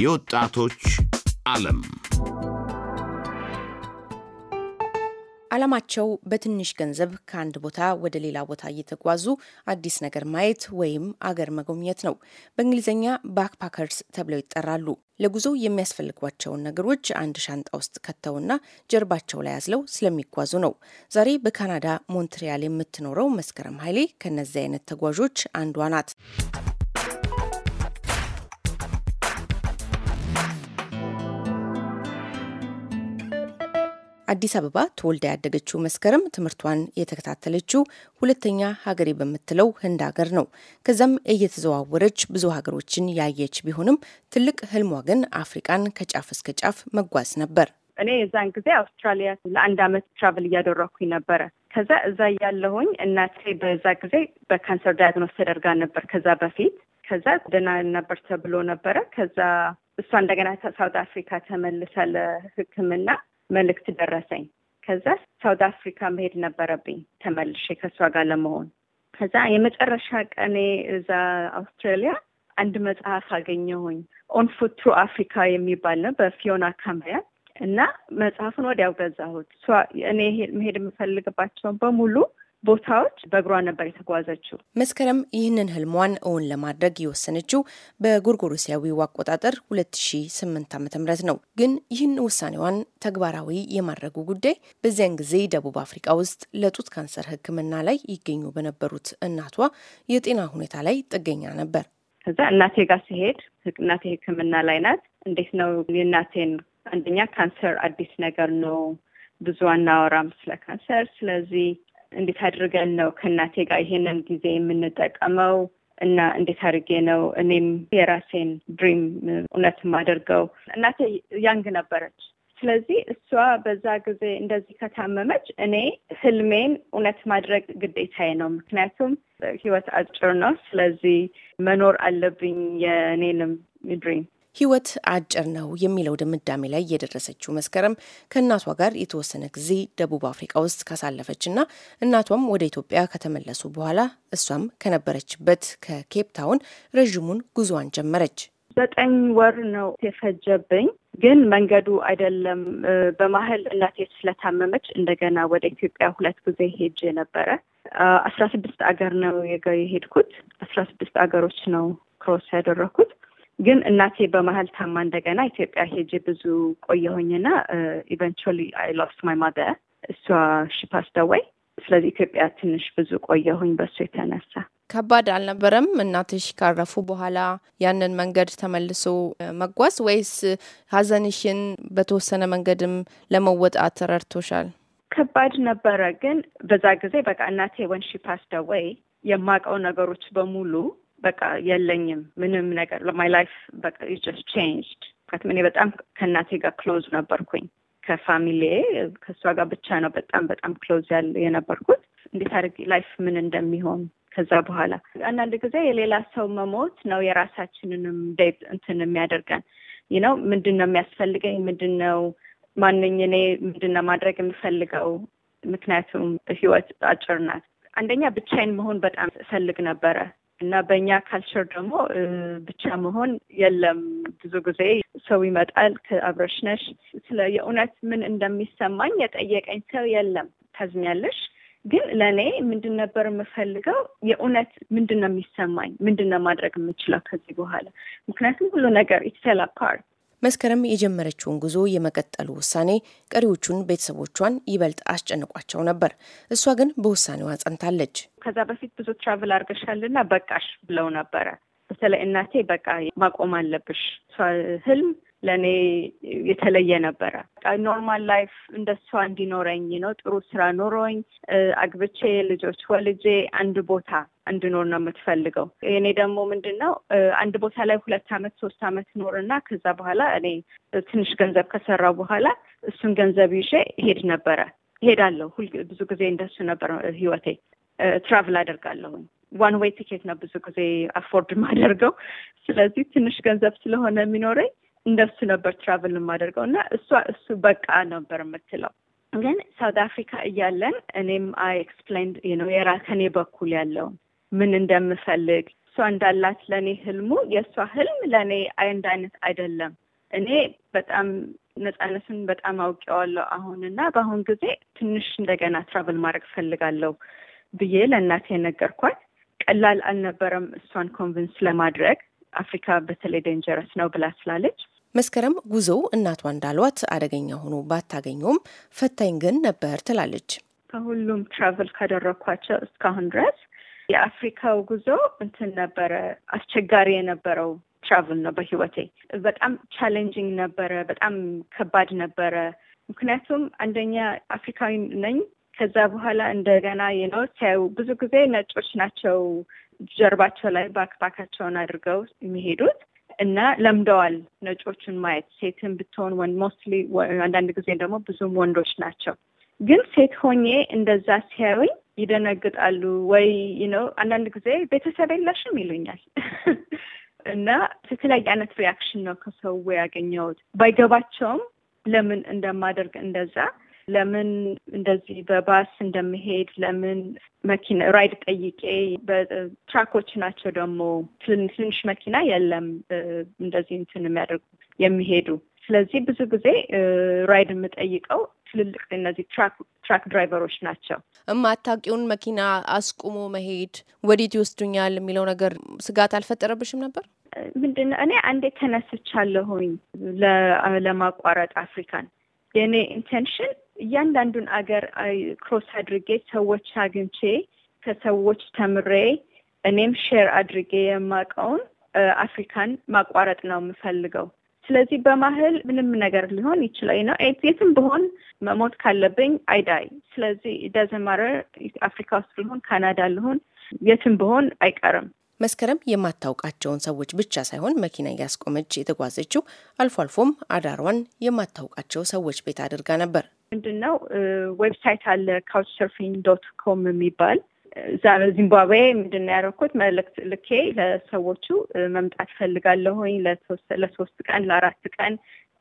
የወጣቶች ዓለም ዓላማቸው በትንሽ ገንዘብ ከአንድ ቦታ ወደ ሌላ ቦታ እየተጓዙ አዲስ ነገር ማየት ወይም አገር መጎብኘት ነው። በእንግሊዝኛ ባክፓከርስ ተብለው ይጠራሉ። ለጉዞ የሚያስፈልጓቸውን ነገሮች አንድ ሻንጣ ውስጥ ከተውና ጀርባቸው ላይ አዝለው ስለሚጓዙ ነው። ዛሬ በካናዳ ሞንትሪያል የምትኖረው መስከረም ኃይሌ ከነዚህ አይነት ተጓዦች አንዷ ናት። አዲስ አበባ ተወልዳ ያደገችው መስከረም ትምህርቷን የተከታተለችው ሁለተኛ ሀገሬ በምትለው ህንድ ሀገር ነው። ከዛም እየተዘዋወረች ብዙ ሀገሮችን ያየች ቢሆንም ትልቅ ህልሟ ግን አፍሪቃን ከጫፍ እስከ ጫፍ መጓዝ ነበር። እኔ የዛን ጊዜ አውስትራሊያ ለአንድ አመት ትራቭል እያደረኩኝ ነበረ። ከዛ እዛ ያለሁኝ እናቴ በዛ ጊዜ በካንሰር ዳያግኖስ ተደርጋ ነበር ከዛ በፊት ከዛ ደህና ነበር ተብሎ ነበረ። ከዛ እሷ እንደገና ሳውት አፍሪካ ተመልሳ ለሕክምና መልእክት ደረሰኝ። ከዛ ሳውት አፍሪካ መሄድ ነበረብኝ ተመልሼ ከእሷ ጋር ለመሆን። ከዛ የመጨረሻ ቀኔ እዛ አውስትራሊያ አንድ መጽሐፍ አገኘሁኝ ኦን ፉት ትሩ አፍሪካ የሚባል ነው በፊዮና ካምቢያ እና መጽሐፉን ወዲያው ገዛሁት። እኔ መሄድ የምፈልግባቸውን በሙሉ ቦታዎች በእግሯ ነበር የተጓዘችው። መስከረም ይህንን ህልሟን እውን ለማድረግ የወሰነችው በጎርጎሮሳዊው አቆጣጠር 2008 ዓ.ም ነው። ግን ይህን ውሳኔዋን ተግባራዊ የማድረጉ ጉዳይ በዚያን ጊዜ ደቡብ አፍሪካ ውስጥ ለጡት ካንሰር ሕክምና ላይ ይገኙ በነበሩት እናቷ የጤና ሁኔታ ላይ ጥገኛ ነበር። ከዛ እናቴ ጋር ሲሄድ እናቴ ሕክምና ላይ ናት። እንዴት ነው የእናቴን አንደኛ ካንሰር አዲስ ነገር ነው ብዙ አናወራም ስለ ካንሰር ስለዚህ እንዴት አድርገን ነው ከእናቴ ጋር ይሄንን ጊዜ የምንጠቀመው እና እንዴት አድርጌ ነው እኔም የራሴን ድሪም እውነት ማደርገው። እናቴ ያንግ ነበረች። ስለዚህ እሷ በዛ ጊዜ እንደዚህ ከታመመች እኔ ህልሜን እውነት ማድረግ ግዴታዬ ነው። ምክንያቱም ህይወት አጭር ነው። ስለዚህ መኖር አለብኝ የእኔንም ድሪም ህይወት አጭር ነው የሚለው ድምዳሜ ላይ የደረሰችው መስከረም ከእናቷ ጋር የተወሰነ ጊዜ ደቡብ አፍሪካ ውስጥ ካሳለፈችና እናቷም ወደ ኢትዮጵያ ከተመለሱ በኋላ እሷም ከነበረችበት ከኬፕ ታውን ረዥሙን ጉዞዋን ጀመረች። ዘጠኝ ወር ነው የፈጀብኝ። ግን መንገዱ አይደለም። በመሀል እናቴ ስለታመመች እንደገና ወደ ኢትዮጵያ ሁለት ጊዜ ሄጄ ነበረ። አስራ ስድስት አገር ነው የሄድኩት። አስራ ስድስት አገሮች ነው ክሮስ ያደረኩት። ግን እናቴ በመሀል ታማ እንደገና ኢትዮጵያ ሄጄ ብዙ ቆየሁኝና ኢቨንቹዋሊ አይ ሎስት ማይ ማዘር እሷ ሽፓስ ስለዚህ ኢትዮጵያ ትንሽ ብዙ ቆየሁኝ በሱ የተነሳ ከባድ አልነበረም። እናትሽ ካረፉ በኋላ ያንን መንገድ ተመልሶ መጓዝ ወይስ ሀዘንሽን በተወሰነ መንገድም ለመወጣት ረድቶሻል? ከባድ ነበረ፣ ግን በዛ ጊዜ በቃ እናቴ ወንሺ ፓስደወይ የማቀው ነገሮች በሙሉ በቃ የለኝም ምንም ነገር ማይ ላይፍ በቃ ጀስት ቼንጅድ። ምክንያቱም እኔ በጣም ከእናቴ ጋር ክሎዝ ነበርኩኝ ከፋሚሊ ከእሷ ጋር ብቻ ነው በጣም በጣም ክሎዝ ያለ የነበርኩት። እንዴት አድርግ ላይፍ ምን እንደሚሆን ከዛ በኋላ አንዳንድ ጊዜ የሌላ ሰው መሞት ነው የራሳችንንም ዴት እንትን የሚያደርገን ይነው ምንድን ነው የሚያስፈልገኝ? ምንድን ነው ማንኝ እኔ ምንድን ነው ማድረግ የምፈልገው? ምክንያቱም ህይወት አጭር ናት። አንደኛ ብቻይን መሆን በጣም ፈልግ ነበረ እና በእኛ ካልቸር ደግሞ ብቻ መሆን የለም። ብዙ ጊዜ ሰው ይመጣል ከአብረሽ ነሽ ስለ የእውነት ምን እንደሚሰማኝ የጠየቀኝ ሰው የለም። ታዝኛለሽ ግን ለእኔ ምንድን ነበር የምፈልገው? የእውነት ምንድን ነው የሚሰማኝ? ምንድን ነው ማድረግ የምችለው ከዚህ በኋላ? ምክንያቱም ሁሉ ነገር ኢትሴላ ፓርት መስከረም የጀመረችውን ጉዞ የመቀጠሉ ውሳኔ ቀሪዎቹን ቤተሰቦቿን ይበልጥ አስጨንቋቸው ነበር። እሷ ግን በውሳኔዋ ጸንታለች። ከዛ በፊት ብዙ ትራቭል አድርገሻልና በቃሽ ብለው ነበረ። በተለይ እናቴ በቃ ማቆም አለብሽ ህልም ለእኔ የተለየ ነበረ። ኖርማል ላይፍ እንደሷ እንዲኖረኝ ነው። ጥሩ ስራ ኖሮኝ አግብቼ ልጆች ወልጄ አንድ ቦታ እንድኖር ነው የምትፈልገው። እኔ ደግሞ ምንድን ነው አንድ ቦታ ላይ ሁለት አመት ሶስት አመት ኖርና ከዛ በኋላ እኔ ትንሽ ገንዘብ ከሰራው በኋላ እሱን ገንዘብ ይዤ ሄድ ነበረ ሄዳለሁ። ብዙ ጊዜ እንደሱ ነበር ህይወቴ። ትራቭል አደርጋለሁኝ ዋን ዌይ ቲኬት ነው ብዙ ጊዜ አፎርድ ማደርገው። ስለዚህ ትንሽ ገንዘብ ስለሆነ የሚኖረኝ እንደሱ ነበር ትራቭል የማደርገው እና እሷ እሱ በቃ ነበር የምትለው ግን ሳውት አፍሪካ እያለን እኔም አይ ኤክስፕላይን ነው የራ ከኔ በኩል ያለው ምን እንደምፈልግ እሷ እንዳላት ለእኔ ህልሙ የእሷ ህልም ለእኔ አንድ አይነት አይደለም። እኔ በጣም ነጻነትን በጣም አውቄዋለሁ አሁን እና በአሁን ጊዜ ትንሽ እንደገና ትራቨል ማድረግ ፈልጋለሁ ብዬ ለእናቴ ነገርኳት። ቀላል አልነበረም እሷን ኮንቪንስ ለማድረግ አፍሪካ በተለይ ዴንጀረስ ነው ብላ ስላለች መስከረም ጉዞው እናቷ እንዳሏት አደገኛ ሆኖ ባታገኘውም ፈታኝ ግን ነበር ትላለች። ከሁሉም ትራቨል ካደረኳቸው እስካሁን ድረስ የአፍሪካው ጉዞ እንትን ነበረ አስቸጋሪ የነበረው ትራቭል ነው። በህይወቴ በጣም ቻሌንጂንግ ነበረ፣ በጣም ከባድ ነበረ። ምክንያቱም አንደኛ አፍሪካዊ ነኝ። ከዛ በኋላ እንደገና የነው ሲያዩ ብዙ ጊዜ ነጮች ናቸው ጀርባቸው ላይ ባክፓካቸውን አድርገው የሚሄዱት እና ለምደዋል ነጮችን ማየት ሴትን ብትሆን ወንድ ሞስትሊ አንዳንድ ጊዜ ደግሞ ብዙም ወንዶች ናቸው። ግን ሴት ሆኜ እንደዛ ሲያዩኝ ይደነግጣሉ ወይ ነው አንዳንድ ጊዜ ቤተሰብ የለሽም ይሉኛል። እና የተለያየ አይነት ሪያክሽን ነው ከሰው ያገኘውት ባይገባቸውም ለምን እንደማደርግ እንደዛ ለምን እንደዚህ በባስ እንደምሄድ ለምን መኪና ራይድ ጠይቄ በትራኮች ናቸው ደግሞ ትንሽ መኪና የለም እንደዚህ እንትን የሚያደርጉ የሚሄዱ ስለዚህ ብዙ ጊዜ ራይድ የምጠይቀው ትልልቅ እነዚህ ትራክ ድራይቨሮች ናቸው። እማታውቂውን መኪና አስቁሞ መሄድ ወዴት ይወስዱኛል የሚለው ነገር ስጋት አልፈጠረብሽም ነበር? ምንድን እኔ አንዴ ተነስቻለሁኝ ለማቋረጥ አፍሪካን የእኔ ኢንቴንሽን እያንዳንዱን አገር ክሮስ አድርጌ ሰዎች አግኝቼ ከሰዎች ተምሬ እኔም ሼር አድርጌ የማውቀውን አፍሪካን ማቋረጥ ነው የምፈልገው። ስለዚህ በማህል ምንም ነገር ሊሆን ይችላል ነው የትም ብሆን መሞት ካለብኝ አይዳይ። ስለዚህ ደዘማረ አፍሪካ ውስጥ ሊሆን ካናዳ ሊሆን የትም ብሆን አይቀርም። መስከረም የማታውቃቸውን ሰዎች ብቻ ሳይሆን መኪና እያስቆመች የተጓዘችው አልፎ አልፎም አዳሯን የማታውቃቸው ሰዎች ቤት አድርጋ ነበር። ምንድን ነው ዌብሳይት አለ ካውች ሰርፊንግ ዶት ኮም የሚባል እዛ ዚምባብዌ ምንድን ነው ያደረኩት መልእክት ልኬ ለሰዎቹ መምጣት ፈልጋለሁኝ ለሶስት ቀን ለአራት ቀን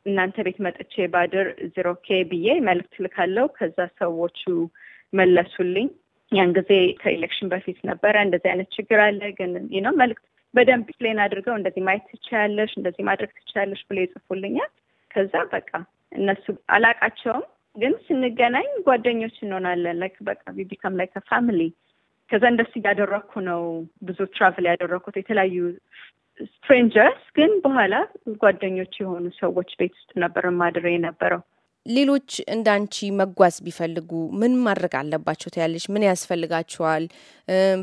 እናንተ ቤት መጥቼ ባድር ዜሮ ኬ ብዬ መልእክት ልካለው። ከዛ ሰዎቹ መለሱልኝ። ያን ጊዜ ከኤሌክሽን በፊት ነበረ። እንደዚህ አይነት ችግር አለ ግን ነው መልክት በደንብ ፕሌን አድርገው እንደዚህ ማየት ትችያለሽ፣ እንደዚህ ማድረግ ትችያለሽ ብሎ ይጽፉልኛል። ከዛ በቃ እነሱ አላቃቸውም ግን ስንገናኝ ጓደኞች እንሆናለን። ላይክ በቃ ቢካም ላይክ ፋሚሊ። ከዛ እንደሱ እያደረኩ ነው ብዙ ትራቭል ያደረግኩት የተለያዩ ስትሬንጀርስ፣ ግን በኋላ ጓደኞች የሆኑ ሰዎች ቤት ውስጥ ነበር ማድረ የነበረው። ሌሎች እንዳንቺ መጓዝ ቢፈልጉ ምን ማድረግ አለባቸው ትያለሽ? ምን ያስፈልጋቸዋል?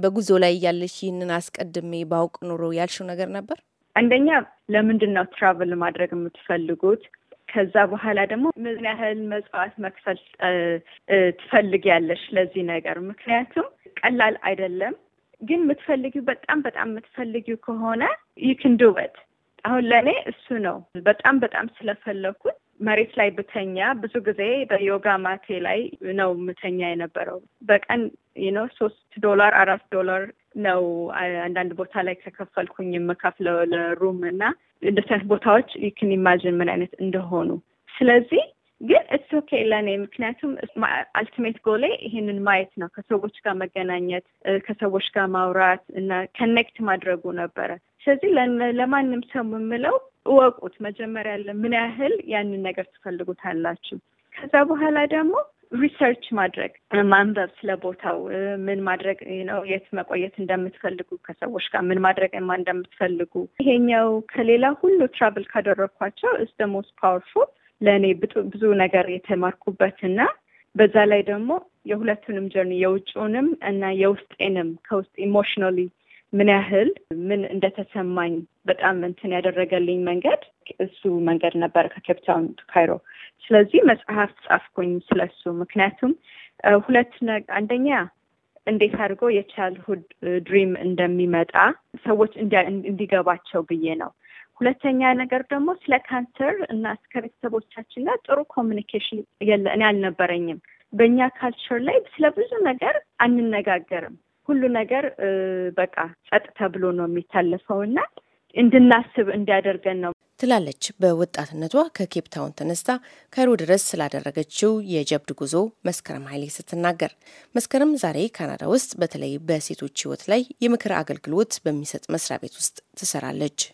በጉዞ ላይ እያለሽ ይህንን አስቀድሜ ባውቅ ኑሮ ያልሽው ነገር ነበር? አንደኛ ለምንድን ነው ትራቭል ማድረግ የምትፈልጉት? ከዛ በኋላ ደግሞ ምን ያህል መጽዋት መክፈል ትፈልጊያለሽ ለዚህ ነገር? ምክንያቱም ቀላል አይደለም። ግን የምትፈልጊው በጣም በጣም የምትፈልጊው ከሆነ ይክንዱበት። አሁን ለእኔ እሱ ነው በጣም በጣም ስለፈለኩት መሬት ላይ ብተኛ ብዙ ጊዜ በዮጋ ማቴ ላይ ነው ምተኛ የነበረው። በቀን ነው ሶስት ዶላር አራት ዶላር ነው አንዳንድ ቦታ ላይ ከከፈልኩኝ የምከፍለው ለሩም እና እንደዚህ አይነት ቦታዎች ይክን ኢማጅን ምን አይነት እንደሆኑ ስለዚህ ግን እስ ኦኬ ለእኔ ምክንያቱም አልቲሜት ጎሌ ይህንን ማየት ነው ከሰዎች ጋር መገናኘት ከሰዎች ጋር ማውራት እና ከኔክት ማድረጉ ነበረ ስለዚህ ለማንም ሰው የምለው እወቁት መጀመሪያ ምን ያህል ያንን ነገር ትፈልጉታላችሁ ከዛ በኋላ ደግሞ ሪሰርች ማድረግ ማንበብ፣ ስለ ቦታው ምን ማድረግ ነው፣ የት መቆየት እንደምትፈልጉ፣ ከሰዎች ጋር ምን ማድረግ እንደምትፈልጉ። ይሄኛው ከሌላ ሁሉ ትራቭል ካደረግኳቸው እስደ ሞስት ፓወርፉል ለእኔ ብዙ ነገር የተማርኩበትና በዛ ላይ ደግሞ የሁለቱንም ጀርኒ የውጭውንም እና የውስጤንም ከውስጥ ኢሞሽናሊ ምን ያህል ምን እንደተሰማኝ በጣም እንትን ያደረገልኝ መንገድ እሱ መንገድ ነበር ከኬፕታውን ካይሮ። ስለዚህ መጽሐፍ ጻፍኩኝ ስለሱ። ምክንያቱም ሁለት አንደኛ እንዴት አድርጎ የቻይልድሁድ ድሪም እንደሚመጣ ሰዎች እንዲገባቸው ብዬ ነው። ሁለተኛ ነገር ደግሞ ስለ ካንሰር እና እስከ ቤተሰቦቻችን ጋር ጥሩ ኮሚኒኬሽን እኔ አልነበረኝም። በእኛ ካልቸር ላይ ስለ ብዙ ነገር አንነጋገርም። ሁሉ ነገር በቃ ጸጥ ተብሎ ነው የሚታለፈውና እንድናስብ እንዲያደርገን ነው ትላለች። በወጣትነቷ ከኬፕታውን ተነስታ ካይሮ ድረስ ስላደረገችው የጀብድ ጉዞ መስከረም ኃይሌ ስትናገር፣ መስከረም ዛሬ ካናዳ ውስጥ በተለይ በሴቶች ሕይወት ላይ የምክር አገልግሎት በሚሰጥ መስሪያ ቤት ውስጥ ትሰራለች።